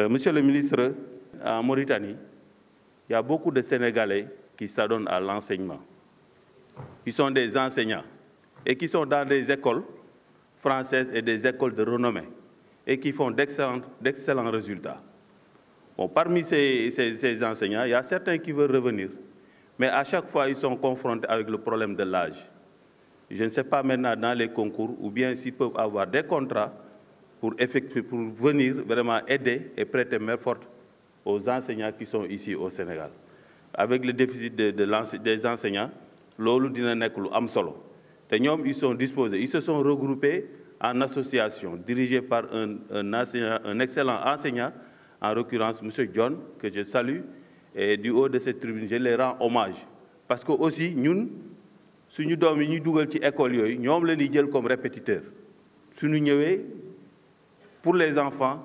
Euh, monsieur le ministre, en Mauritanie, il y a beaucoup de Sénégalais qui s'adonnent à l'enseignement. Ils sont des enseignants et qui sont dans des écoles françaises et des écoles de renommée et qui font d'excellents résultats. parmi ces, ces, enseignants, il y a certains qui veulent revenir, mais à chaque fois, ils sont confrontés avec le problème de l'âge. Je ne sais pas maintenant dans les concours ou bien s'ils peuvent avoir des contrats pour, effectuer, pour venir vraiment aider et prêter main forte aux enseignants qui sont ici au Sénégal. Avec le déficit de, des enseignants, ils sont disposés, ils se sont regroupés en association dirigée par un, un, excellent enseignant, en l'occurrence M. John, que je salue, et du haut de cette tribune, je les rends hommage. Parce que aussi, nous, si nous sommes dans l'école, nous sommes comme répétiteurs. Si nous sommes pour les enfants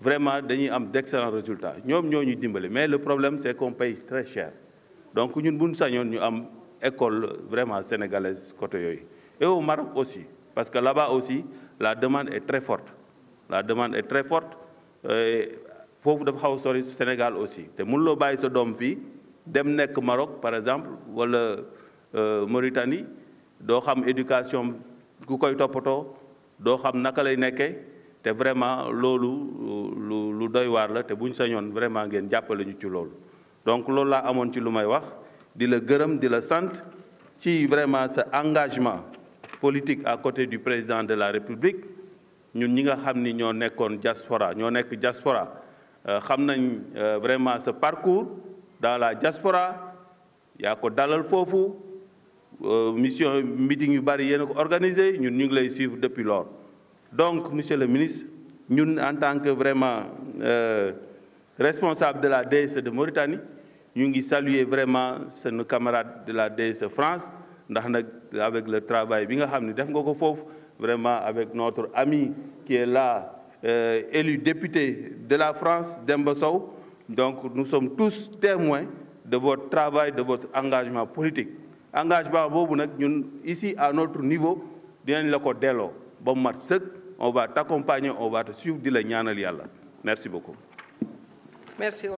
vraiment nous avons d'excellents résultats Nous, nous, nous dimbali mais le problème c'est qu'on paye très cher donc nous avons une école vraiment sénégalaise côté et au Maroc aussi parce que là-bas aussi la demande est très forte la demande est très forte faut que xaw a au Sénégal aussi te mënuloo bàyyi sa doom fii dem Maroc par exemple ou wala euh, Mauritanie do xam éducation ku koy topoto éducation xam naka lay c'est vraiment loolu lu lu doy war la te buñ vraiment ngeen jàppale ñu ci donc loolu la amone ci lumay wax di la gërëm di la ci vraiment ce engagement politique à côté du président de la République ñun ñi nga xamni ño nekkon diaspora ño nekk diaspora euh, xamnañ euh, vraiment ce parcours dans la diaspora ya ko dalal Fofu, euh, mission meeting yu bari yéen ko organisé ñun ñu ngi lay suivre depuis lors donc, Monsieur le ministre, nous, en tant que vraiment euh, responsable de la DS e de Mauritanie, nous saluons vraiment nos camarades de la DS e France, avec le travail vraiment avec notre ami qui est là, euh, élu député de la France, Dembossou. Donc, nous sommes tous témoins de votre travail, de votre engagement politique. Engagement, ici, à notre niveau, nous avons le on va t'accompagner, on va te suivre, dis le Merci beaucoup. Merci.